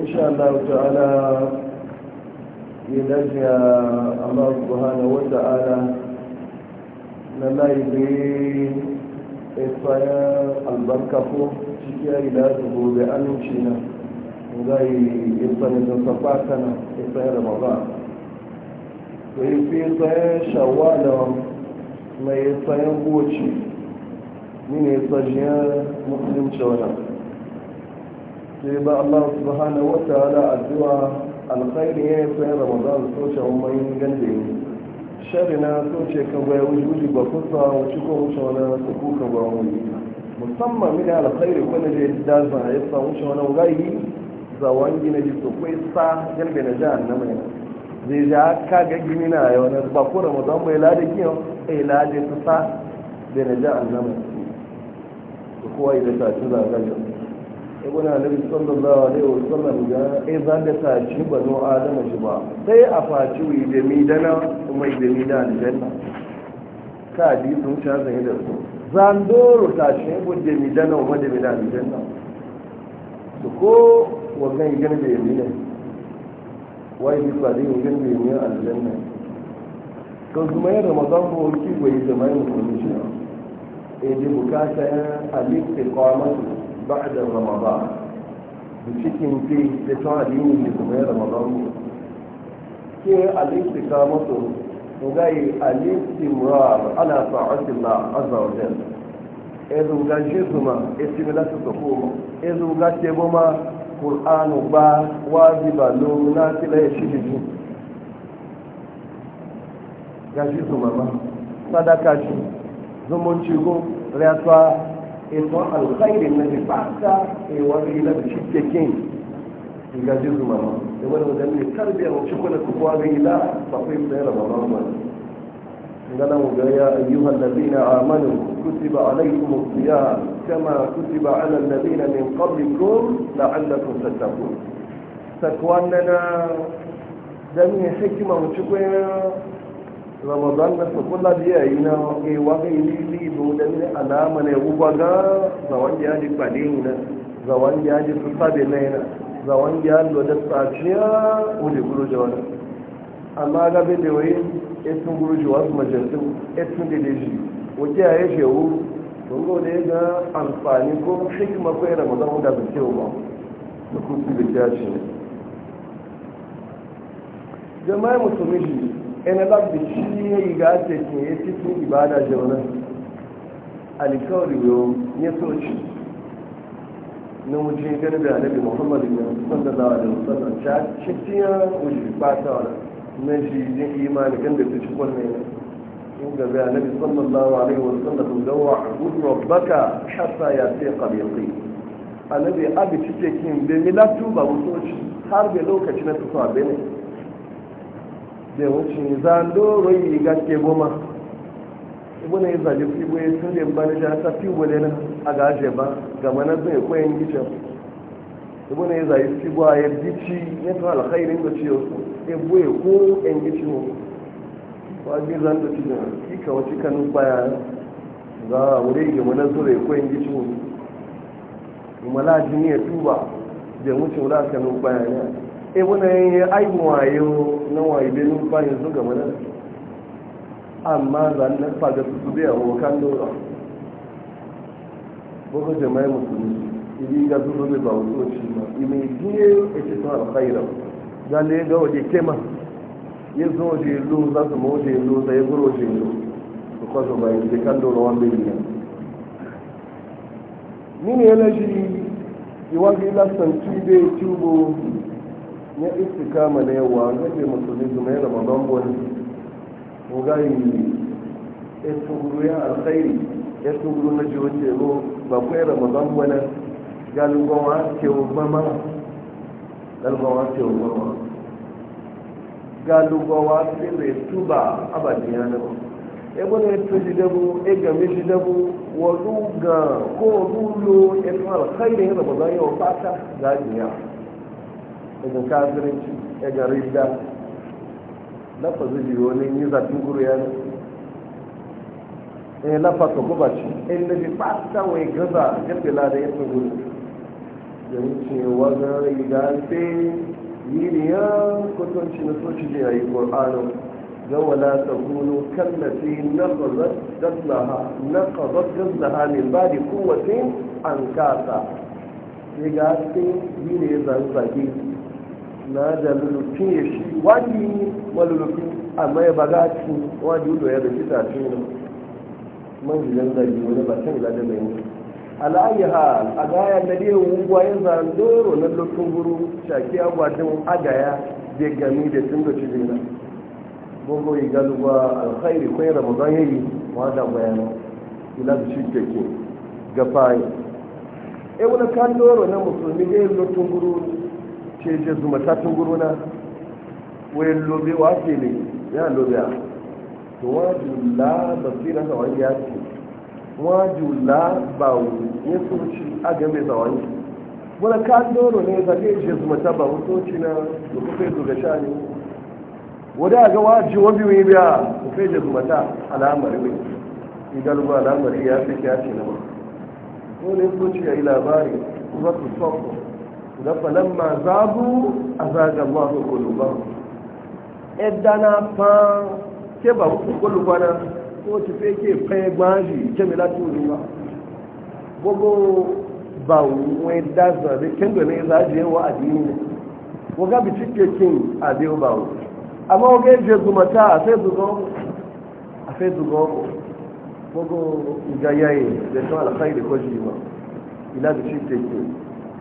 إن شاء الله تعالى يلجى الله سبحانه وتعالى لما يبين إطفايا البركة في إلى سبوب أمن شينا وغاي إطفايا نصفاتنا إطفايا رمضان ويفي إطفايا شوالا ما إطفايا بوشي من إطفايا مسلم شوالا sai ba Allah subhanahu wa ta'ala addu'a alkhairi ya yi ramadan so ce umman gande ne shari na so ce ka bai wujuji ba kusa wuce ko wuce wani su ka ba wani musamman mina alkhairi je da za a ya sa wuce wani gari za wangi na ji kai sa galbe na jihar na mai zai ja ka ga gini na yau na ba ko ramadan mai lade kiyo ai lade ta sa da na jihar na mai kowa idan ta ci zagajin da annabi sallallahu alaihi wa sallam ga ai zan da ta ci a adam shi ba sai a faci wi da mi dana kuma da mi da aljanna ka di sun ta zan da su zandoro ta ci ko da mi dana kuma da mi da aljanna to ko wannan gidan da yi ne wai bi ba dai gidan da yi aljanna ko kuma ya ramadan ko ki goyi da mai mutunci eh di bukata ya halitta kwamatu بعد رمضان بشكل فيه لتعليم لكم رمضان كي الاستقامة وغاي الاستمرار على طاعة الله عز وجل إذا وغاي جزمة استملات الحكومة إذا وغاي تبوما قرآن وبا واجبا لو ناتلا يشيجي غاي جزمة صدقة زمون شيكو رياضة ètò alùpàìlì nàbì pàṣà ìwọ́n rí nàbì ṣìkẹ́kẹ́ ìgbà jésù màmá ìwọ́n rí nàbì tàbí àwọn ṣùkọ́lẹ̀ kókó wá rí ilá pàpé ìfẹ́ yi màmá mọ́ ngana mu ga ya ayyuha alladhina amanu kutiba alaykum as-siyam kama kutiba ala alladhina min qablikum la'allakum tattaqun takwannana dan hikma mu cikin ramadan na sakula da yayi na kai eh, waka yi libo da mini alama ne guba ga zawan ya ji kwade ni na zawan ya ji su sabe na yana zawan ya lo wuri guru amma ga bai da wai etun eh, guru majalisun eh, etun da da shi ya yi shehu sun zo da ga amfani ko hikima ko ramadan wanda ba ce ba da kusa da ya jama'a musulmi ina ba da shi ya yi ga ta ke ya cikin ibada jaunan alikawar yau ya soci na wuce gani da annabi muhammadu ya sanda da wa da musamman ta cikiya wuce ta wa na shi jin imani kan da ta ci kwanne in ga zai annabi sallallahu alaihi wasallam da wa gudu rabbaka hatta ya sai qabiqi annabi abi cike kin da milatu ba mutoci har da lokaci na tufa bene da wucin zando rai gaske goma ibuna yi zaje fibo ya tun da ba na ja ta fibo da nan a gaje ba ga mana ya koyan gicin ibuna yi zaje fibo a yadda ci ya ta alkhairin da ciyo su e e ya buye ko yan gicin mu ba bi zan da ci da kika wata kanu baya za a wuri ga mana zure koyan gicin mu mala jini ya tuba da wucin wula kanu baya ne Ibuna yin aibin wayo na wayo benin bayan su gaba nan amma zanen faga su bai a wokan dora boko jama'i musulmi ibi ga su zobe ba wasu ci ma ime biye a cikin alkhaira zane ga waje kema ya zo waje lo za su ma waje lo za ya guro waje lo su kwaso bayan da kan dora wanda yi ne yana shi iwagi lasan tube tubo ya kama na yawa gaje musulmi su mai ramadan bone ko gayi etuguru ya alkhairi etuguru na ji wace ko ba ku ya ramadan bone galgon wa ke obama galgon wa ke obama galgon wa ke zai tuba abadiya na ba ebona etu jidabu egami jidabu wadu ga ko dulo etu alkhairi ramadan yau fata gajiya daga kafirinci daga rida lafa zuji wani yi zafin guru ya ne eh lafasa guba ce eh, inda bi ba ta wai gaza ya fila da yasa guru don cewa ga yi ne ya kusanci na soci ne a yi ƙor'anin don wala ta kuno kallafi na ƙazar gazzaha na ƙazar gazaha ne ba da kowace an kasa ya yi ne ya zanzage na da lulufin ya shi wani malulufin amma ya baga cin wani yulo ya zaki ta ce na man gidan zagi wani ba can zaɗe mai mutu ala'ayi ha a gaya da dai wugwa ya zandoro na lufin buru shaki agwadin agaya da gami da tun da cikin na gogo yi galuwa alkhairi kwai ramadan ya yi wada bayanan ila da shi ke gafayi e wani kan doro na musulmi ne lufin guru ce ce su matatun guruna wayan lobe wa ke ne ya lobe a to waju la basira da wani ya ce waju la ba ya soci a game da wani wani kan doro ne zage ce su mata ba hutoci na da kuka yi zuga sha ne wadda ga waju wani wani biya kuka yi ce su mata alamari wai idan ba alamari ya fi kya ce na ba ko ne soci ya yi labari kuma su sofo ga falamma zabu a zaga masu kuluba ɗana fa ke ba ku kuluba na ko ti fe ke fe gbaji ke mi lati ba gbogbo ba wai daza da kendo ne za je wa adini ne ko ga bici ke kin adiyo je zumata gbogbo igayaye da ko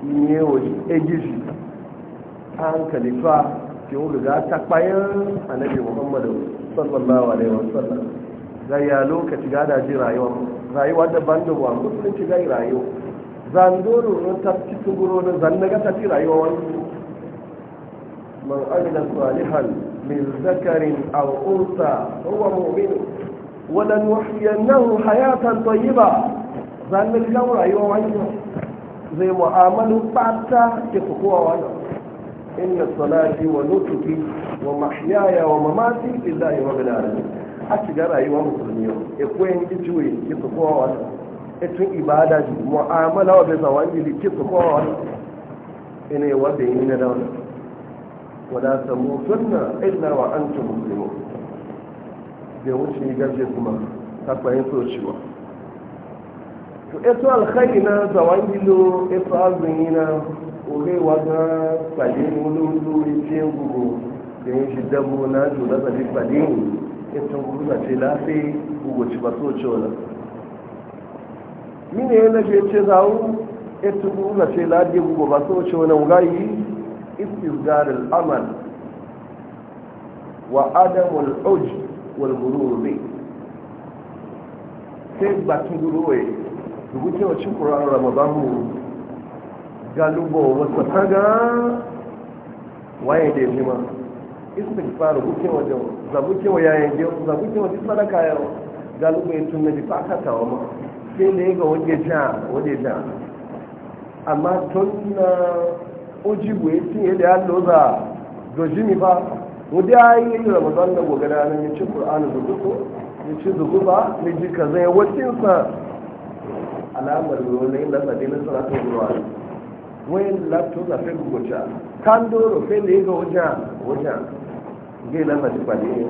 Ni newoji egishi a hankali fa ke wuluga ta kwayan annabi muhammadu sallallahu alaihi wasallam gaya lokaci da ji rayuwa rayuwa da ban da wa musulunci gai rayuwa zandoro na tafi tuguro na zannaga tafi rayuwa wani man amina salihan min zakarin aw unsa huwa mu'min wa lan yuhyiyannahu hayatan tayyiba zannaga rayuwa wani zai mu'amalu fata ke su wani inna salati wa nutuki wa mahyaya wa mamati lillahi wa bilalamin a shiga rayuwa musulmi yau e koyan kijuwe ke su wani e tun ibada ji mu'amala wa bisa wangili ke su wani ina yi wadda yi na dauna wadda ta mutunna illa wa ta muslimun bai wuce gaje kuma ta fahimtar ciwa. to eto alkhairi na zawangilo eto azumi na oge waga pàdé ní olóòlù etí gbogbo lèyìn ṣe dẹ́gbò náà jù látàdé pàdé ní ètò gbogbo àti láti gbogbo tí pàtó ọ̀chọ́ ọ̀la mí ni ẹlẹ́gbẹ̀ etí ráwú ètò gbogbo àti láti gbogbo al'amal wa adam wal gurur bi sai gbatun gurur rubuce wa cin ƙura'an ramadamu galubo wasu ta ga waye da nima ma istighfar rubuce wa jawo zabuce wa yayin jawo zabuce wa duk sadaka yau galibo ya tunne bi fakata wa ma sai da ya ga waje ja waje ja amma tun na bu ya cinye da ya loza mi ba wadda ya yi ramadan na gogana na ya ci ƙura'an rubuto ya ci ba ya ji kaza ya wacinsa alamar wani lasabi na salatu ruwa wayan laptop na fe gugocha kan doro fe da yaga wajen wajen zai lasabi ba ne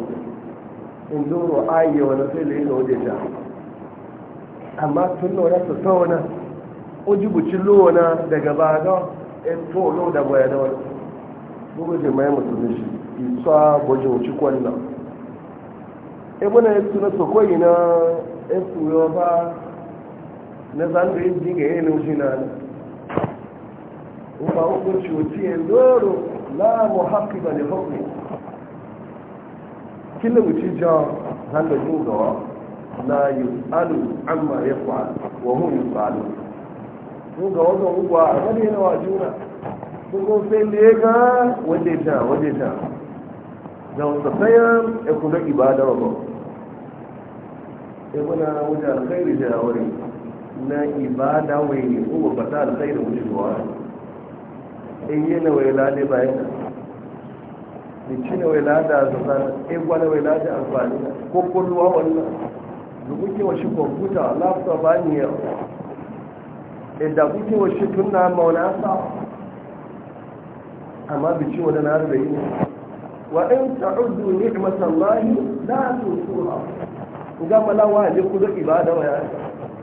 in doro ayye wani fe da yaga wajen ja amma tun nuna su sauna ujibuci lona daga baga in tolo da bayanan wani mai shi isa ebe na yasu na sokoyi na yasu yau ba na zan da yin jinga yin naushi na nan ba hukunci wuce doro la kila jan na yi alu amma ya fa wa hun yi tsalu ga a gani yana wa juna sun kun sai gaa, waje jan waje jan da wasu sayan ya ba ibina wajen alkhairi da na ibada wai ne ko bata alkhairu wucewa in yi na wai lade bayan da ci na wai lada a zazana in gwana wai lada amfani na ko ruwa wannan da kuke wa shi kwamfuta lafta ba ni yau inda kuke wa shi tun na mauna sa amma bi ci wani na arzai ne wa in ta'uddu ni'matallahi la tusuha ga malawa ne ku da ibada wa ya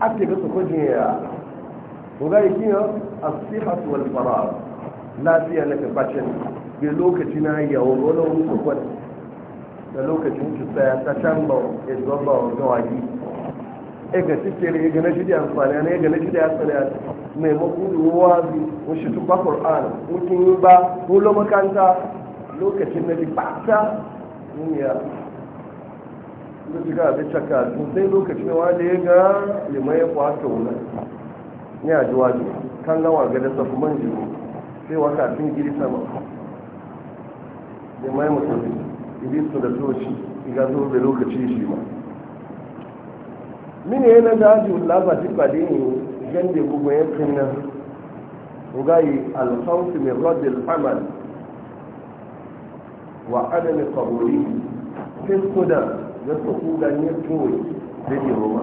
ake da su kujin ya ga yi kiyo a sihas wal farar lafiya na kafashin bai lokaci na yawon wani sukwan da lokacin cuta ya ta can ba ya zuwan ba wani gawagi ya ga cikere ya gane shi da amfani ne ya mai makulu wazi mun shi tukwa qur'an mun yi ba lokacin na sun shiga abin caka sai lokacin wanda ya ga lima ya kwata wula ne a jiwaji kan gawa ga dasa kuma man jiro sai wata sun giri sama lima ya mutu su da toci iga zo da lokaci shi ma mini yana da aji wula ba ji ba dai ne gande gugu ya fi finna ugayi alhausu mai radil amal wa adami qabuli fiskuna ga su e, kuga ne tuwe da ke roma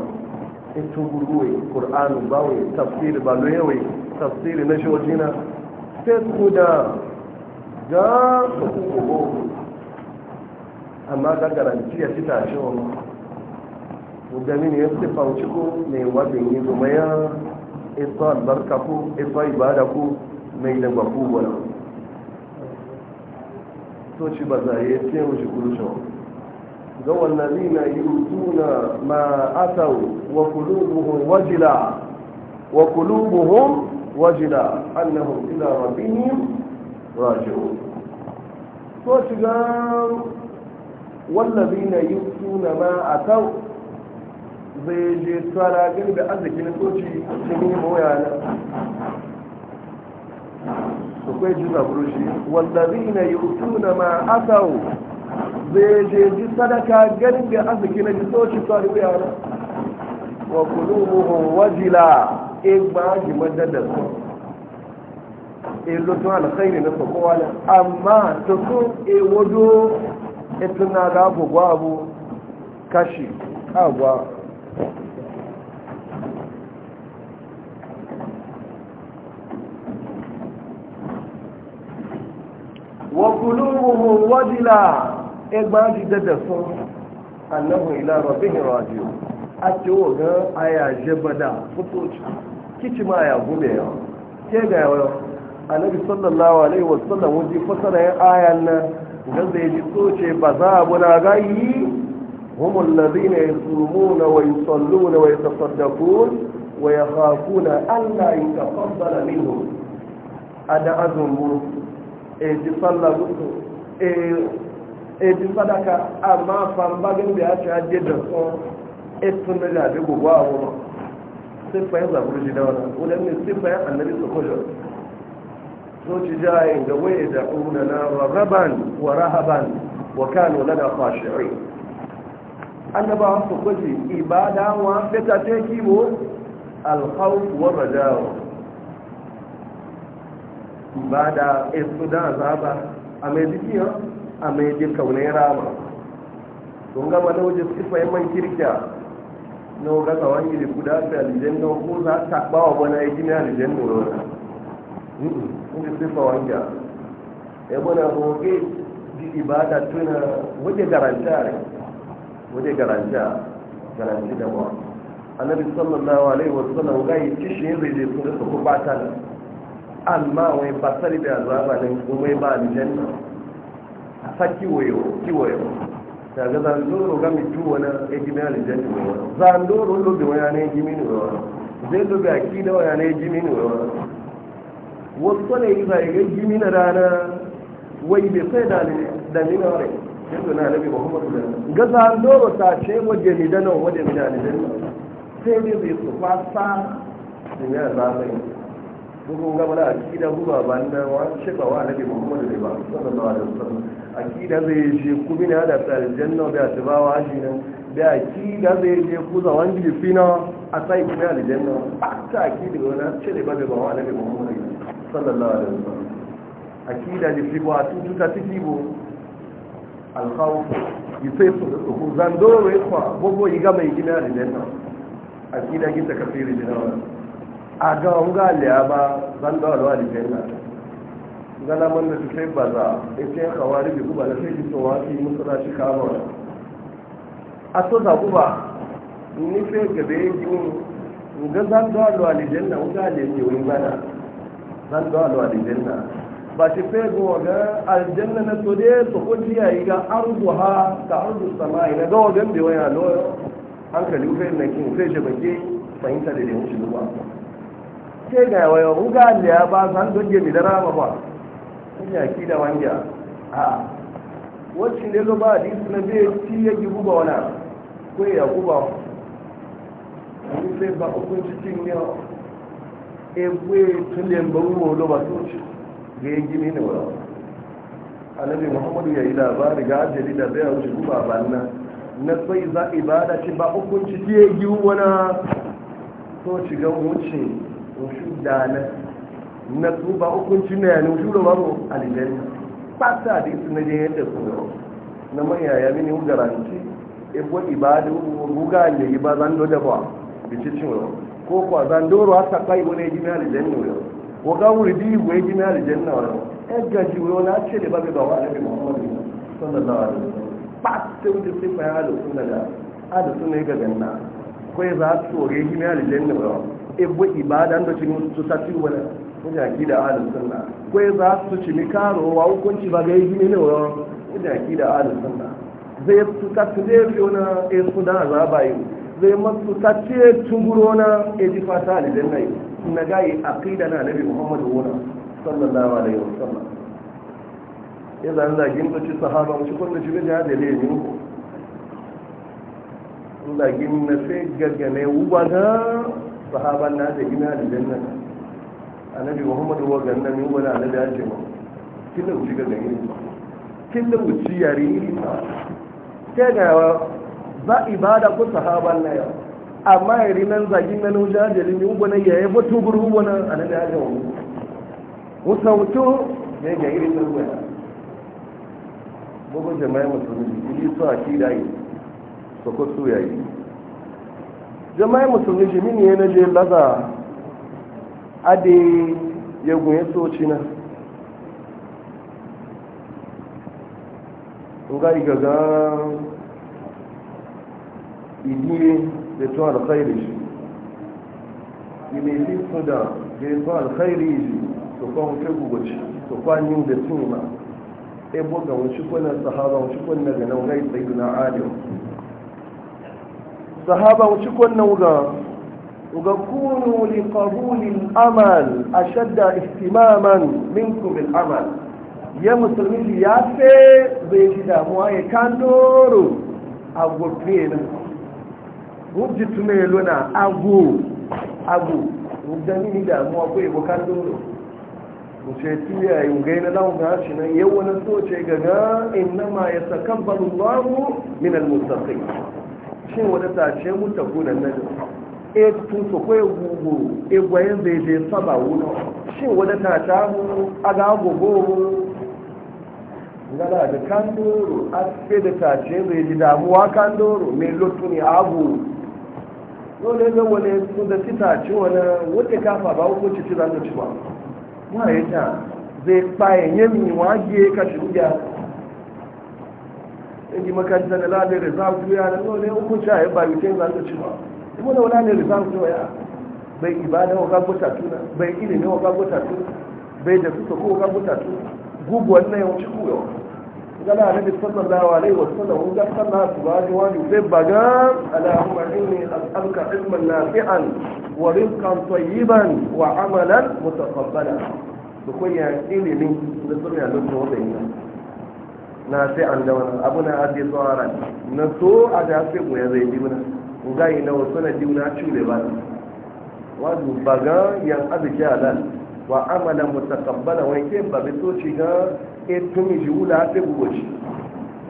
ito gurguwe ƙur'anu ba wai tafsiri ba lo yawai tafsiri na shojina sai su da ga su kugo amma ga garanti ya fita shi wani gudami ne ya fi fauci ko mai wajen yi zuma ya ito albarka ko ito ibada ko mai da baku to shi ba za a yi sai wuce kuru shi ذو الذين يؤتون ما أتوا وقلوبهم وجلا وقلوبهم وجلا أنهم إلى ربهم راجعون فاشغام والذين يؤتون ما أتوا زي سوالا قلبي أذك نتوشي كمين مويانا فكوي جزا والذين يؤتون ما أتوا zai ji sadaka ganin arziki na jiso shi tsari bai ana wa kulubuhum wajila in ba ji madadar su in lutun alkhairi na sokowa amma ta sun e wado ita na kashi ẹgbà ti dẹ́dẹ̀ fún aláwọ̀ ìlàrọ̀ bí i rọ̀jù àti owó gan ayàjẹ́ bọ́dà fútóòtù kíkì máa yàgò bẹ̀yàn ke ga yawon annabi sallallahu alaihi wasallam wajen fasara yin ayan nan da zai ji soce ba za a buna gayi humul lazina yasumuna na yusalluna wa yatasaddaqun wa yakhafuna an la yutaqabbala minhum ada azumbu e ji sallah gusto e ejin sadaka amma fambagin da ya ce hajji da sun etun da jabi gugu a wuma siffayin zaburji da wani wudan ne ya annabi su kujo soci jayin da waye da ƙuna na rarraban wa rahaban wa kano na da fashi'i annabawa su kuji ibada wa fita ce kibo alhau wa rajawa ibada esu da azaba a mai jikiyar a mai ji kaunai rama don gama na wajen siffa yaman kirkiya na waga tsawon gidi guda fi alijen don ko za ta ba wa bana ya gina alijan da rana inda sifa wanda ya bana roge ji ibada tuna waje garanta ne waje garanta garanti da ba annabi sallallahu alaihi wasallam ga yi kishin zai je sun da su kubata amma wai basari da azaba ne kuma ba alijen nan a sa kiwoyo kiwoyo daga zandoro ga mitu wani ejimi alijan ne wani zandoro lobe wani ne ejimi ne wani zai lobe aki da wani ne ejimi ne wani wasu ne yi zai ga ejimi na rana wai bai sai da nina wani yanzu na nabi muhammadu da ga zandoro ta ce waje mi dana waje mi da alijan sai dai zai su fasa da ya zafai bugun gaba da akida guba ba na wani shekawa na bin muhammadu ne ba sallallahu alaihi wasallam akida zai je ku bi na da aljanna da ta ba wa shi nan da akida zai je ku za wani jifina a sai ku na aljanna ta akida ga wani cire ba ba wa na bin muhammadu ne sallallahu alaihi wasallam akida da fi ba tutu ta tiki bo alkhawf yifesu da ku zandoro ya kwa gogo yi gaba yi gina aljanna akida gita kafiri jinawa a ga wunga liya ba zan da wani da jenna gana man da su sai ba za in sai kawari bi kuma na sai ji sun wafi musu na shi kama wani a to za ba, ni sai gabe yin jini ga zan da wani da jenna wunga liya ne wani mana zan da wani da jenna ba shi sai gowa ga aljanna na so dai su kunci yi ga arzu ha ka arzu sama'i na gawa gambe wani a loyo hankali ufe na kin ufe shi bake fahimta da da yin shi duba ke ga yawa yau ga da ya ba san doge mi da rama ba kun ya ki da wanja a wacce ne ba hadisi na zai ci ya ki guba wana, ko ya guba wani sai ba hukunci cin yau egwe tulen ba ruwa lo ba soci ga ya gini ne wadda alabi muhammadu ya yi labari ga ajali da zai wuce guba ba na na sai za ibada ce ba hukunci ya yi wani soci ga wuce da na na su ba hukunci na yanin shuru babu alijan fata da isu na jiyan da su na manya ya mini hujaranci ebo ibadu guga ne yi ba da ba bici cin ko kwa zan doro hasa kai wani jimi alijan ne ko ga wuri di wai jimi alijan na wani ẹgbẹ́ ju wọn náà ṣe lè bá bẹ bá wà lẹ́bí mọ́mọ́lì sọ́nà náà rẹ̀ pàṣẹ oúnjẹ sí fẹ́ alùsùn náà alùsùn náà gẹ̀gẹ̀ náà kó ẹ su tó rẹ̀ yí ní ne nìyọ̀ ebo ibadan da cinu su sati wani mujaki da ahalin sunna kwai za su cini karo wa hukunci ba ga yi gini ne wa mujaki da ahalin sunna zai su sati zai fi e su da za ba yi zai masu sati ya tunguro na e ji fata alidan na yi na yi aqida na nabi muhammadu wani sallallahu alaihi wasallam ya zan zagin da ci sahaba mu ci kun da ci ga jadele ne mu zagin na sai gaggane wuba na sahaban na da ina da jannan annabi muhammadu wa ganna min wala na da ajima killa wuci ga gani killa wuci yare iri ta ga ba ibada ko sahaban na ya amma yari nan zagin nan wuja da limi ubana ya yabo tuburu ubana annabi ajima musautu ne ga irin nan ba bugun jama'a ne yi su akida yi su ko su yayi jama'i musulmi jimini ya naje laza adi ya gunye soci na nga igaga idiye da tun alkhairi shi ilisi su da da tun alkhairi shi su kwan ke gugoci su kwan yin da tun ma ebo ga wuce kwanan sahaba wuce kwanan ga nan gai tsayi na adewa sahaba wuci kwanna wuga wuga kunu li qabulil amal ashadda ihtimaman minkum bil amal ya musulmi ya fe zai ji damuwa ya kan doro a gurfe nan tume luna agu agu gudani mini damuwa ko ibo kan doro wuce tiya yi ngai na lawan ga shi nan yau wani so ce gaga innama yatakabbalu Allahu min al-muttaqin shi eh, eh, wani tashe mu ta kuna nan e tu so ko gugu e gwayen zai je saba wuno shi wani tasha mu aga gogo ngala da kandoro a fe da tashe zai ji damuwa kandoro mai lotu ne abu dole ne wani su da tita ci wani wata kafa ba hukunci ci zan da ci ba ma ya ta zai kpayen yami wa ka shi yi makaranta da ladin reserve tuya da nuna a yi ba bayu za su ci ba kuma da wani ya bai ibada wa gabuta tuna bai ilimi wa gabuta tuna bai da suka ko gabuta tuna gugu wannan yau ci kuwa gana na sallallahu alaihi wa sallam ga sallah subhanahu wa ta'ala sai baga allahumma inni as'aluka ilman nafi'an wa rizqan tayyiban wa amalan mutaqabbala ya da sunna lokacin wannan na sai an da wani abu na ake tsawara na so a da sai mu ya zai ji muna ga yi na wasu na jiwu na cule ba ne wazu ba ga yan arziki halal wa amala mutakabbala wai ke ba bi so ci ga e tumi jiwu da sai shi.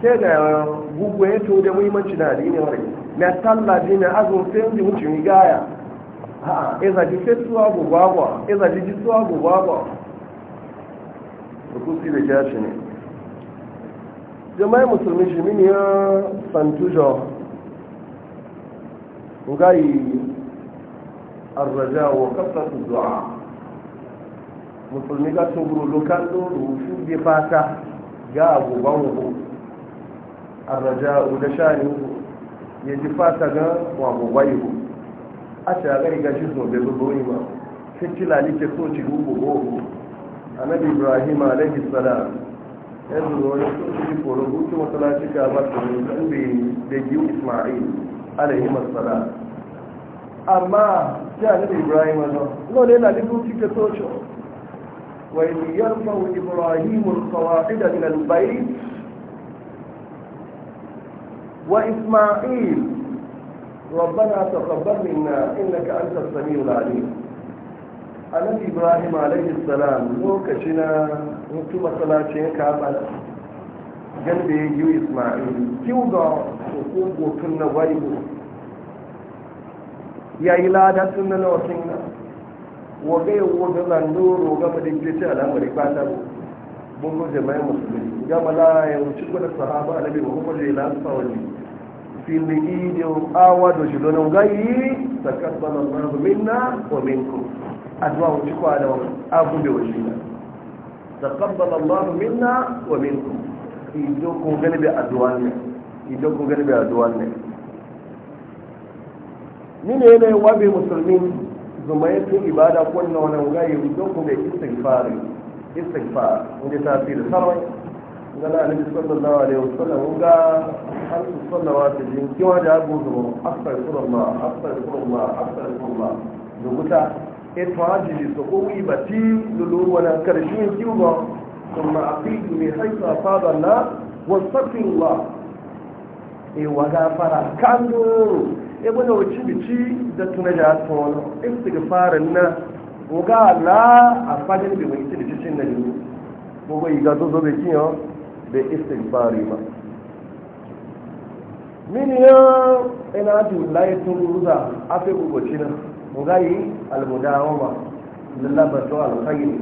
sai ga gugu ya to da muhimmanci na addini wani na talla ji na azun sai mu ci gaya a'a e za ji sai suwa gugwagwa e za ji ji suwa gugwagwa ku kusi da kyashi ne jama'i musulmi shi mini ya santujo ngayi arraja wa su zuwa. musulmi ga tuguru lokal doro su bi fata ga agoban wu arraja da shani ya ji fata ga wa gobai a ce a gari gashi su bai zubo yi ma fitila ne ke so ci gugu gogo annabi ibrahim alaihi salam yan wani sun koro buki masalaci ka ba su ne kan da yi ismail alayhi masala amma ya ne ibrahim wani no ne na duk buki ka soci wai ni yarfa wa ibrahim al-qawaid min al-bayt wa ismail ربنا تقبل منا انك انت السميع العليم النبي ابراهيم عليه السلام لوكشنا mutu masalacin kaɓar gan da ya yi ismail kiw ga hukun gotun na waibu ya yi lada tun na nautin na waga ya waga zandoro gama da gilce al'amari ba ta bungo jama'in musulmi gama la ya wuce gwada sahaba mahimman da ya lasa wani filin awa da shi donin gayi ta kasbar Allah minna wa a zuwa wuce kwa da abu da wajen تقبل الله منا ومنكم ido kun gani bai addu'a ne ido kun gani bai addu'a ne yana yawa bai musulmi zuma ya tun ibada ko na wani gaye ido kun bai istighfar istighfar inda ta fi da sarrai gana alaihi sallallahu alaihi wasallam ga har su sallawa ta jin kiwa da abu zuma astaghfirullah astaghfirullah astaghfirullah rubuta eto ajili soko ibati lulu wala karshin kiwa kuma aqidu min haythu asaba na wastaghfirullah e waga fara kando e bana wuci bici da tunaja tono istighfarin na waga la afadin bi mai tilci cin na ni gogo iga to zo kiyo be istighfari ma min ya ina ju laitun ruza afi gogo cinan ngayi almudawama lallabatu alkhairi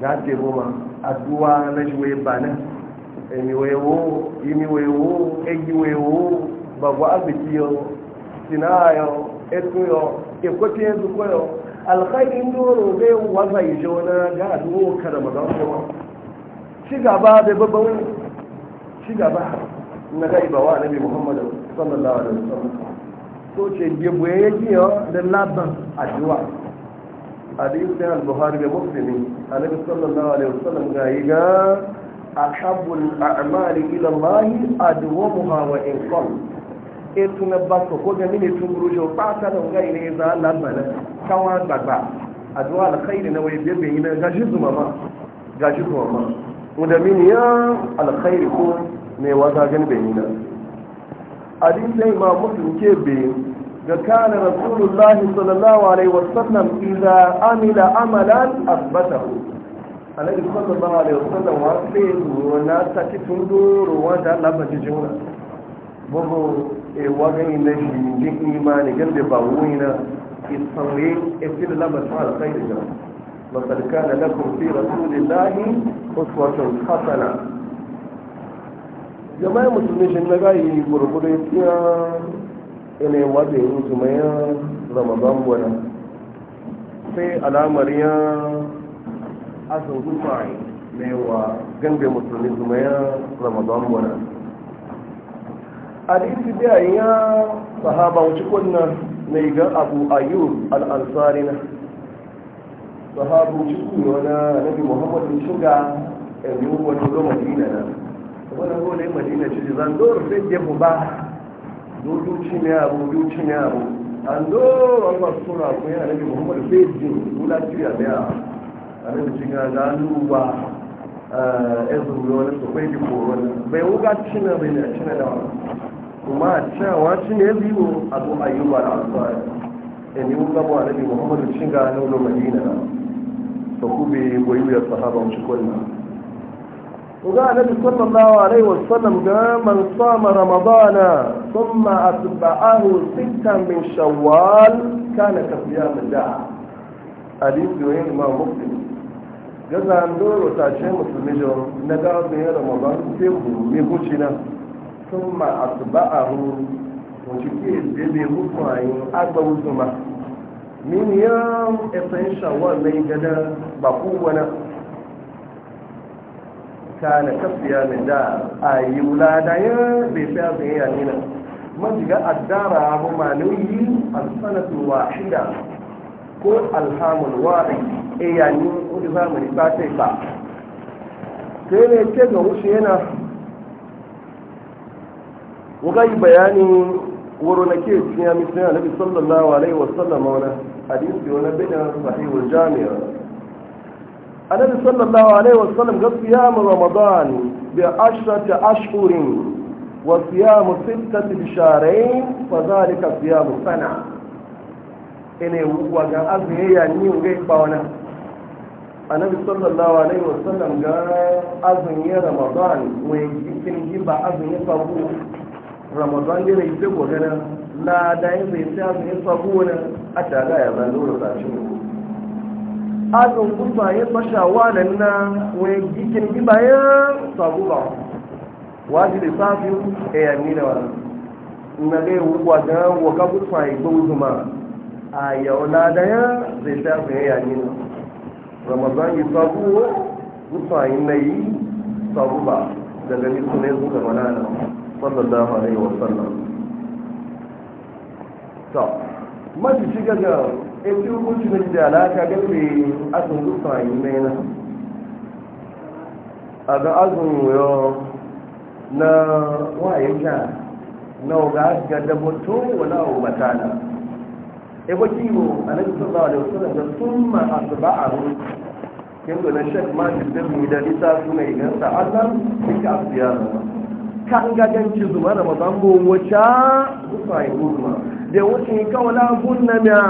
ga ce goma addu'a na shi bana emi wayewo yimi wayewo egi wayewo bagwa abiki sinayo etu yo ekoti yanzu koyo ndoro zai waza ijo ga addu'o kada madan ci gaba da babban ci gaba na ga ibawa nabi muhammad sallallahu alaihi wasallam tó ṣe gbogbo ẹyẹ jíyàn ní lábàn àdúrà àdíyí al-buhari bẹ mọ́sílì alẹ́bí sallallahu zuma ma zuma ma ni yá alkhairi hadisai ma muslim ke be ga kana rasulullahi sallallahu alaihi wasallam idza amila amalan asbatahu alaihi sallallahu alaihi wasallam wa sai na ta ci tunduru wanda labaji juna bugu e wagani na shi din imani gande ba wuna isauri e fil labaji alkhairi masal kana lakum fi rasulillahi uswatun hasana jama'a musulmi shi na gayi gurgudu ya fiya yi wadda yi musulmayen ramadan sai alamar ya asin mai wa gambe musulmi musulmayen ramadan buwana hadisi da ya sahaba wuce kunna na iga abu ayyub al'ansari na sahabu cikin na nabi muhammadin shiga yanzu wani goma madina na wani gole madina ci zan doro sai ya mu ba dodo ci ne abu biyu ci ne abu an doro an ba sura ko yana nabi muhammadu sai jin wula ci ya biya a nan ci ga zalu ba ezuru wani su kwai di korona bai wuga ci na bai na ci na dawa kuma cewa ci ne biyu abu ayyuba da alfahari eh, ne wuga ba nabi muhammadu ci ga nan madina na ba ku bai goyi ya sahaba wuce kwallon وقال النبي صلى الله عليه وسلم من صام رمضان ثم أتبعه ستا من شوال كان كصيام الله حديث يوين ما مسلم جزا عن دور وتعشي مسلم جو نقال من رمضان سيبه ميكوشنا ثم أتبعه وشكيل بيبي مسلم أكبر ثم من يوم إطعين شوال ليجدا بقوة kana kafiya min da a yi wulada ya bai fi azin yi yanina majiga addara abu manuyi alsanatu wa shida ko alhamun wari e eh, yanyi wani zamani ba yi ba sai ne ke ga wuce yana wugai bayani wuro na ke cikin ya misali na nabi sallallahu alaihi wasallam wani hadisi wani bidan sahihul jami'a annabi sallallahu alaihi wasallam ga siyamu ramadan bi ashrata ashhurin wa siyamu sittati bisharain fa zalika siyamu sana ene waga azmi ya ni ngai bawana annabi sallallahu alaihi wasallam ga azmi ya ramadan wai kin ji ba azmi ya fabu ramadan ne ne ko gana la da yin sai azmi ya fabu ne a tare ya zalo da shi azon gurbayen mashawanan na wani gikin gibayen sabu ba wajen lissafin ayyami da eh, wani na zai wuwa ga waka gurfa ya gbau zuma a yau na daya zai shafi ayyami na ramazan yi sabu gurfa yi na yi sabu ba daga nisu ne zuka na sallallahu alaihi wasallam to mafi shiga ga eti hukunci da ke alaka gafe asin gusa yi mai nan a ga azun wuyo na waye sha na ga ga daboto wala wa matana e ba kiwo annabi sallallahu alaihi wasallam da a asba'ahu kin da shek ma da mu da lita suna idan sa Allah kika afiya kan ga dan ci zuma da mazambo wacce a yi guduma da wuce kawala bunna miya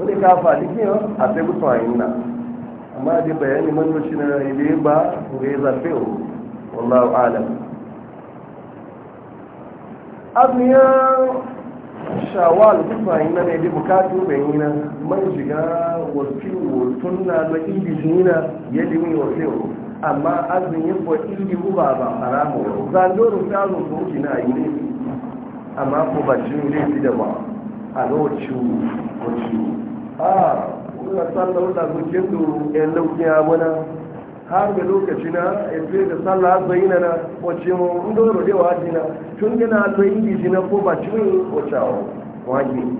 wani kafa dikin a sai mutu a na amma da bayani mandoci na ile ba ga ya zafe o wallahu alam abiyan shawal kusa yi na ne da bukatu bai yi na man shiga wasu wotun na na ibi jina ya limi wasu o amma azumin ba ibi ba ba haramu zandorin ta zo ko na yi ne amma ko ba jini ne fi da ba a lokacin wacce a ah, kuma sallah wanda gukin da yan lauki abuna har da lokaci na efe da sallah zai na na wace mu ndo rodewa jina tun gina zai yi jina ko ba ci mai wacawa wani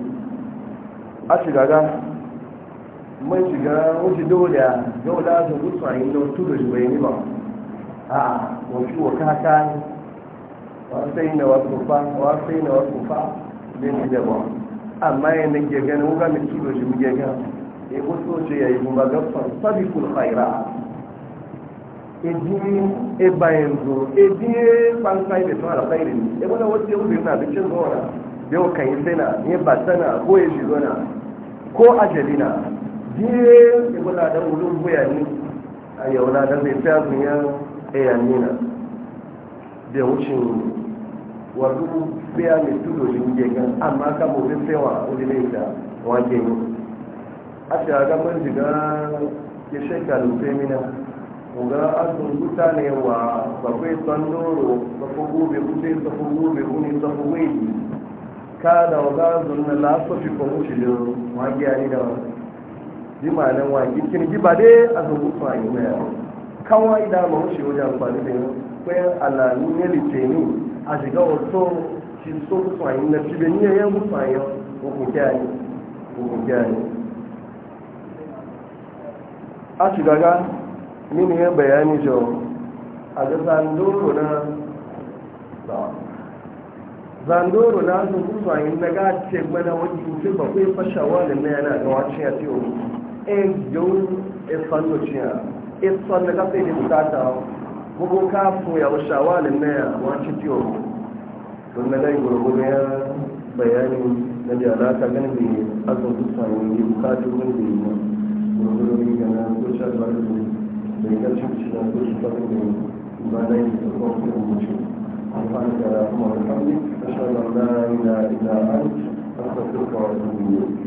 a shiga ga mai shiga wuce dole dole da gutsa yin da shi bai ni ba a wasu wa kaka ne wasu yi na wasu fa wasu yi na wasu fa bin da ba amma yana ke gani wuga mai kido shi muke gani ya eh, so ce ya yi kuma gafan sabi kul khaira edin e bayan zo edin e bankai e e da tun alkhairi ne ya e gwada wasu yau zai na bikin zuwa yau kan yi sena ya batana ko ya shi zona ko ajalina diye ya gwada da wulun buya a yau na da zai fiya zuniya a yanina da wucin wàdúgbò pé a lè túlò lè ń jẹ gan àmọ́ akábò lè a ṣe àgbàgbọ́ ìdìgbà ṣe ṣẹ́ka ló fẹ́ mi náà ògá asùnkúta ni wà bàbá ìtọ́ndóró sọfọ́gbó bẹ kúté sọfọ́gbó bẹ kúni sọfọ́gbó èyí káàdà ọ̀gá zùnà lásọ̀fì kọ̀ mú ṣìlẹ̀ wọn jẹ́ ànídà wọn. bí màá a shiga wato shi so na cibe ni yayin kusurani hukun kyani hukun kyani a shiga ga mini ya bayani a ga zandoro na zandoro na su na ga ce mana wani kusurani ba kai fashawa da na yana ga wacin ya ce wani yau ya sandoci ya ɗin sandoci gbogbo káàfù ìyàwó ṣàwálì mẹ́à wọ́n àwọn ti ṣe ní yen beyeni ṣe tó káàdó ṣe ìgbàna igbana to ṣe àgbà to ti ìmọ̀ṣù àǹfààní ìgbàna fún ọ̀rọ̀